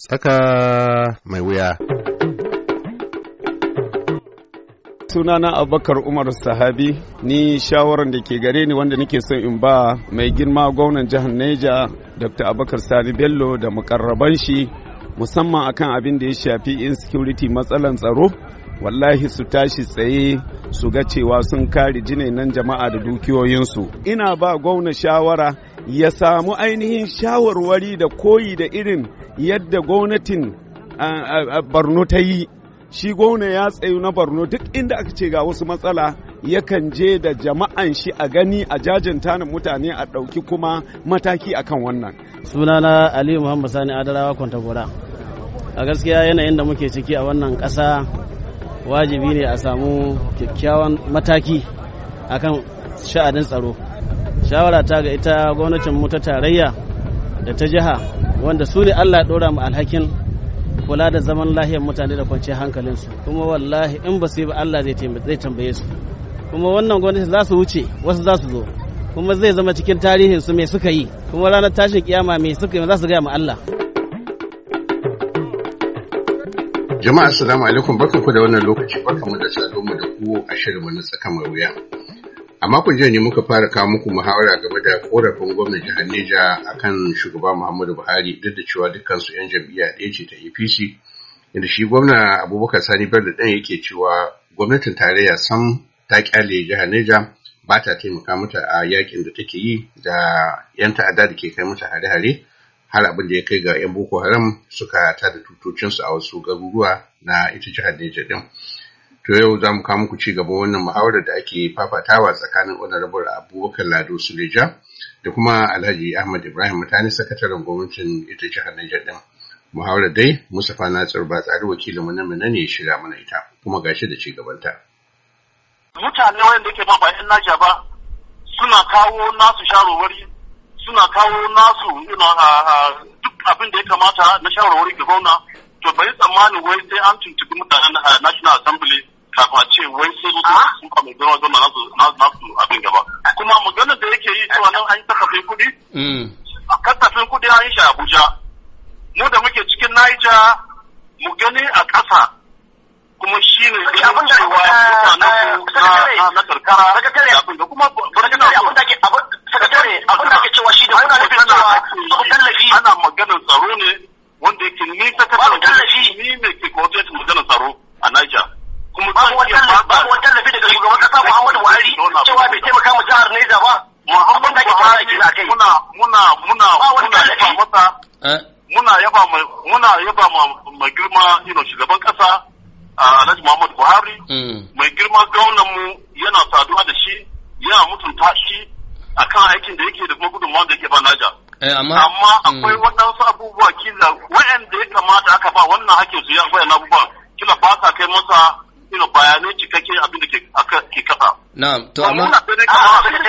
Tsaka mai wuya. sunana abubakar umar sahabi ni shawarar da ke gare ni wanda nake son in ba mai girma gwamnan jihar neja dr abubakar sani bello da mukarraban shi musamman akan abin da ya shafi insecurity matsalan tsaro wallahi su tashi tsaye su ga cewa sun kare jinainan jama'a da dukiyoyinsu ina ba gwamna shawara ya samu ainihin shawarwari da koyi da irin yadda gwamnatin barno ta yi shi gwamna ya tsayu na barno duk inda aka ce ga wasu matsala yakan je da jama'an shi a gani a jajanta tanin mutane a ɗauki kuma mataki akan wannan sunana Aliyu Muhammad Sani Adarawa Kwantagora a gaskiya yanayin da muke ciki a wannan ƙasa wajibi ne a samu kyakkyawan mataki akan sha'anin tsaro shawara ta ga ita gwamnatin mu ta tarayya da ta jiha wanda su ne Allah ya dora mu alhakin kula da zaman lahiyar mutane da kwanciyar su kuma wallahi in ba su yi ba Allah zai tambaye su kuma wannan gwamnati za su wuce wasu za su zo kuma zai zama cikin tarihin su mai suka yi kuma ranar tashin kiyama mai suka yi za su gaya mu Allah jama'a assalamu alaikum barkanku da wannan lokaci barkanku da saduwa da ku a shirin na tsaka mai wuya a makon jiya ne muka fara kawo muku muhawara game da korafin gwamnan jihar Neja akan shugaba Muhammadu Buhari duk da cewa dukkansu 'yan jam'iyya ɗaya ce ta APC inda shi gwamna Abubakar Sani Bello ɗan yake cewa gwamnatin tarayya sam ta kyale jihar Neja ba ta taimaka mata a yakin da take yi da 'yan ta'adda da ke kai mata hare-hare har abin da ya kai ga 'yan Boko Haram suka tada tutocinsu a wasu garuruwa na ita jihar Neja din. To yau za mu kawo muku ci gaban wannan muhawarar da ake fafatawa tsakanin Honorable Abubakar Lado Suleja da kuma Alhaji Ahmad Ibrahim Mutane sakataren gwamnatin ita jihar Niger din. Muhawarar dai Mustapha Natsir ba tsari wakilinmu na mu ne shirya mana ita kuma gashi da ci gabanta. Mutane wayanda ke ba bayan Naja ba suna kawo nasu shawarwari suna kawo nasu duk abin da ya kamata na shawarwari ga gwamna to bai tsammani wai sai an tuntubi mutanen National Assembly kafin a ce wai sai dai ah? sun kwa mai zama gwamna nasu abin gaba kuma maganar da yake yi cewa nan an yi kasafin kuɗi mm. a kasafin kuɗi an yi shi abuja mu da muke cikin naija mu gani a ƙasa kuma shi ne abin da cewa eh, eh, na karkara da abin da kuma sakatare abin da ake cewa shi da muna nufin cewa su tallafi ana maganar tsaro ne daraja ba da ke fara kira kai muna muna muna muna yaba masa muna eh? yaba muna yaba ma girma you shugaban kasa Alhaji Muhammad Buhari hmm. mai girma gwamnan mu yana saduwa da shi yana mutunta shi akan aikin da yake da kuma gudunmawa da yake ba Naja eh, amma hmm. akwai waɗansu abubuwa kila waɗanda ya kamata aka ba wannan hakin su ya wayan abubuwa kila ba sa kai masa ina bayanai cikakke abin da ke kasa na'am to amma ya eh. sa abin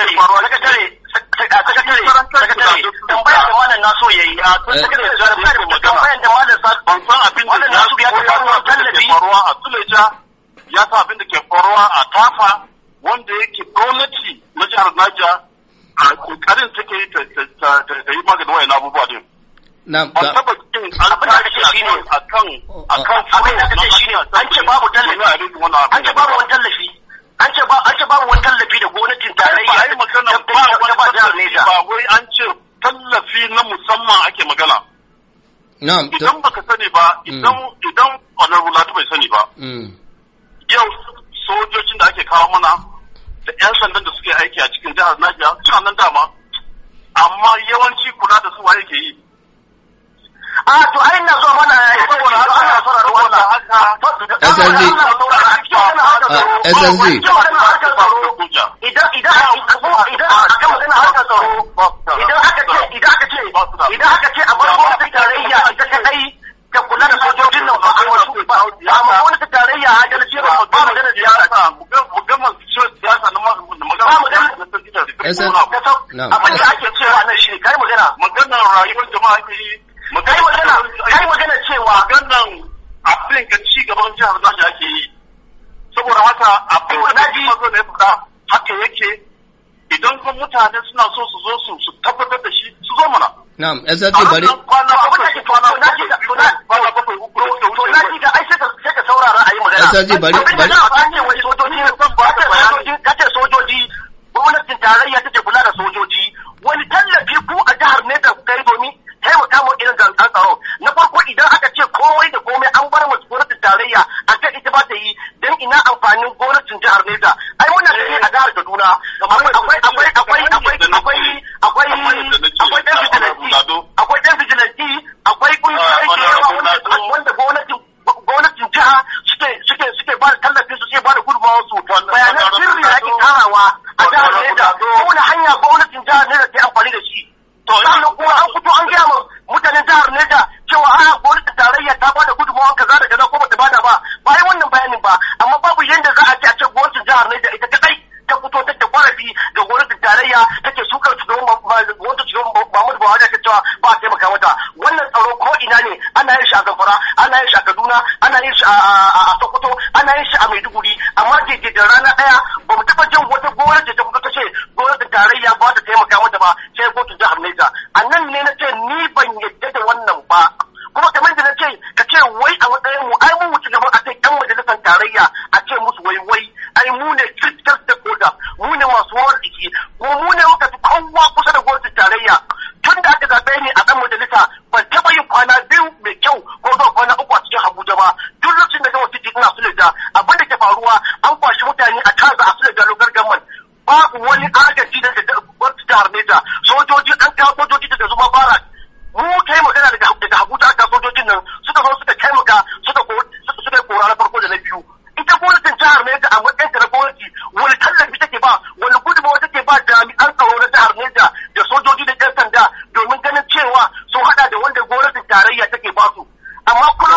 da ke faruwa a tafa wanda yake gwamnati na jihar Niger a kokarin take yi ta yi maganin wayan abubuwa din. Na'am. Ba taba jin abin da kake shine akan akan oh, oh. abin da kake shine an ce babu tallafi an ce babu wani tallafi an ce ba an ce babu wani tallafi da gwamnatin tarayya ba magana ba wani ba wai an ce tallafi na musamman ake magana na'am idan baka sani ba hmm. idan idan honorable bai sani ba hmm. yau sojojin da ake kawo mana da yan sandan da suke aiki a cikin jihar Najeriya suna nan dama amma yawanci kula da su waye ke yi a to ai na zo mana saboda haka saboda haka SSD. magana cewa ganin abin ka ci gaban jihar Niger ake yi saboda haka abin da naji mazo ne fita haka yake idan kuma mutane suna so su zo su su tabbatar da shi su zo mana na'am exactly bari ka magana bari ka ce sojoji gwamnatin tarayya take kula da sojoji jihar da ita kadai ta fito ta da kwarafi da gwamnatin tarayya take sukar shugaban Muhammadu Buhari ta cewa ba a taimaka mata wannan tsaro ko ina ne ana yin shi a Zamfara ana yin shi a Kaduna ana yin shi a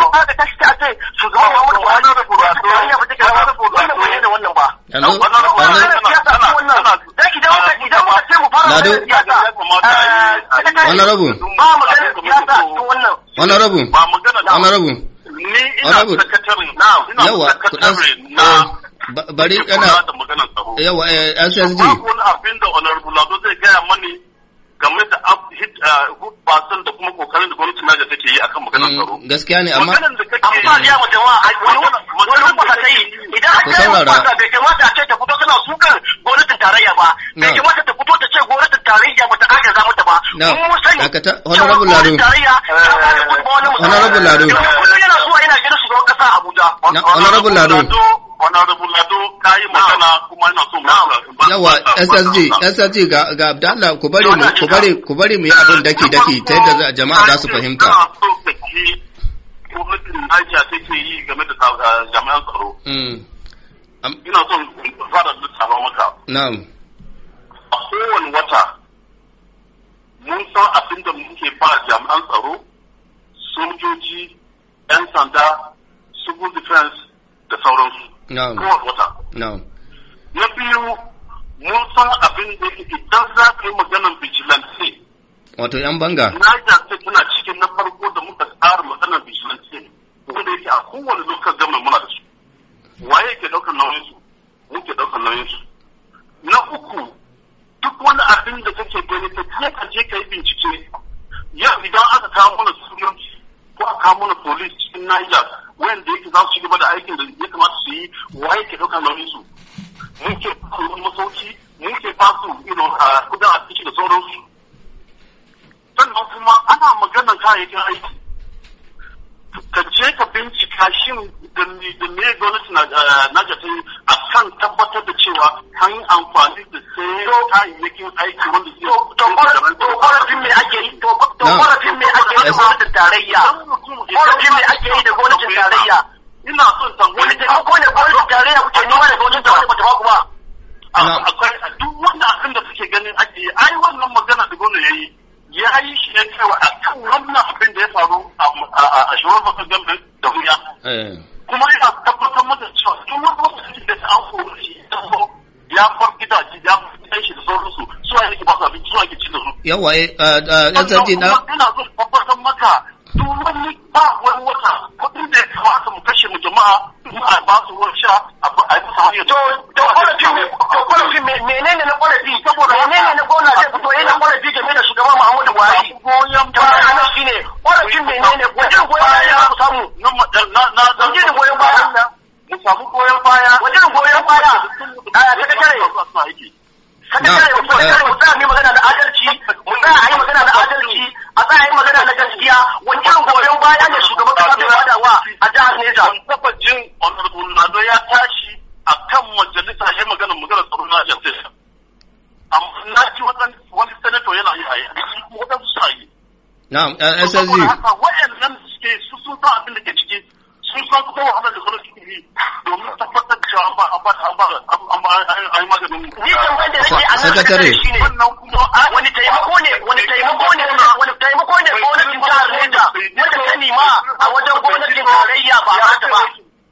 Eh, ba ka tashi ta ce shugaban Muhammadu da Buhari da da Buhari wannan ba. Hello. na bari kana yawa eh SSG. Ba abin da Honorable Lado zai gaya mani Uh, kokarin da gwamnatin take yi akan mm, Gaskiya ne amma maganar da kake amma wani wani ba ta idan aka yi ba bai a ce ta fito tana sukar gwamnatin tarayya ba bai kamata ta fito ta ce gwamnatin tarayya ba ta mata ba. Mun sani honorable Lado honorable Lado honorable Lado yawa SSG ga Abdallah ku mu ku bari daki daki ta yadda jama'a za su fahimta hmm. na'am a kowane wata mun san abin da muke ba jami'an tsaro sojoji 'yan sanda civil defense da sauransu na biyu mun san abin da yake idan za ka yi maganar vigilance wato yan banga na ja ce tana cikin na farko da muka tsara maganar vigilance wanda yake a kowane lokacin gama muna da su kayayyakin aiki ka je ka bincika shin da me gwamnati na ah, a kan tabbatar da cewa an yi amfani da sayo kayayyakin aiki wanda zai yi korafin me ake yi to korafin ake yi da tarayya korafin me ake yi da gwamnatin tarayya ina son tambaye tarayya kuke nema da faru a shugaban bakar gambe da wuya. Eh. Kuma yana tabbatar mata cewa tun wani da an kori shi ya bar gidaje ya bar shi da sauransu su ba su abinci su ci da su. Yawa eh, eh, na. Ina tabbatar maka kare wasu asuwa yake kada kare wasu kare a yi magana da adalci mu za a yi magana da adalci a za a yi magana na gaskiya wani irin goyon baya ne shugaban kasa bai bada a jihar Neja mun taba jin honorable Lado ya tashi akan majalisa ya magana magana tsaro na Najeriya amma na ci wani senator yana yi a yi sa yi na'am eh, SSG sakatare wani taimako ne wani taimako ne wani taimako ne gwamnatin jihar Niger wanda ta nima a wajen gwamnatin tarayya ba a ta ba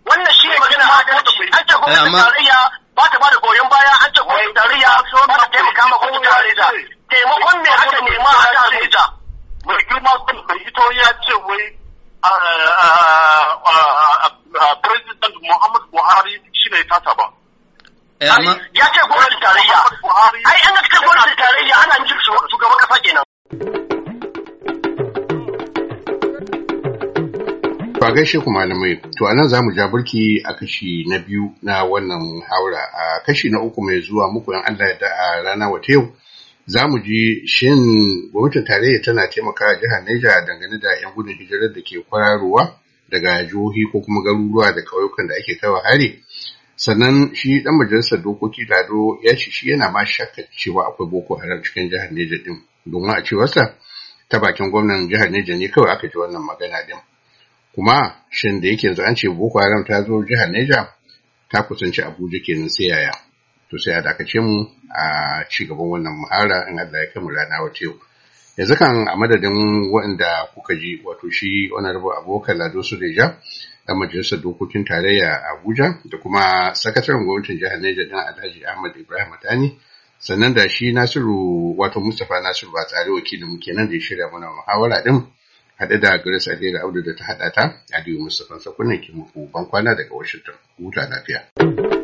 wannan shi ne magana an ce gwamnatin tarayya ba ta ba da goyon baya an ce gwamnatin tarayya ba ta taimaka ma gwamnatin jihar Niger taimakon me aka nema a jihar Niger mai girma bai fito ya ce wai president Muhammad Buhari shi ne ba. gaishe ku malamai, to a nan za mu ja birki a kashi na biyu na wannan haura a kashi na uku mai zuwa muku yan Allah da a rana wata yau. Za mu ji shin gwamnatin tarayya tana taimakawa jihar Neja dangane da 'yan gudun hijirar da ke kwararowa daga jihohi ko kuma garuruwa da kauyukan da ake kawo hari. Sannan shi dan majalisar dokoki Lado ya ce shi yana ma shakka cewa akwai Boko Haram cikin jihar Neja din Domin a cewarsa ta bakin gwamnan jihar Neja ne kawai aka ji wannan magana ɗin. kuma shin da yake yanzu an ce boko haram ta zo jihar neja ta kusanci abuja kenan sai yaya to sai a dakace mu a ci gaban wannan muhara in allah ya kai mu rana wata yau yanzu kan a madadin waɗanda kuka ji wato shi honorable abokan lado su suleja dan majalisar dokokin tarayya a abuja da kuma sakataren gwamnatin jihar neja dan alhaji ahmad ibrahim matani sannan da shi nasiru wato mustapha nasiru ba tsari wakilin mu kenan da ya shirya mana muhawara din haɗe da Grace adera Audu da ta haɗa ta, Adiyu Mustapha Sakunan ke ban kwana daga Washington. Huta lafiya.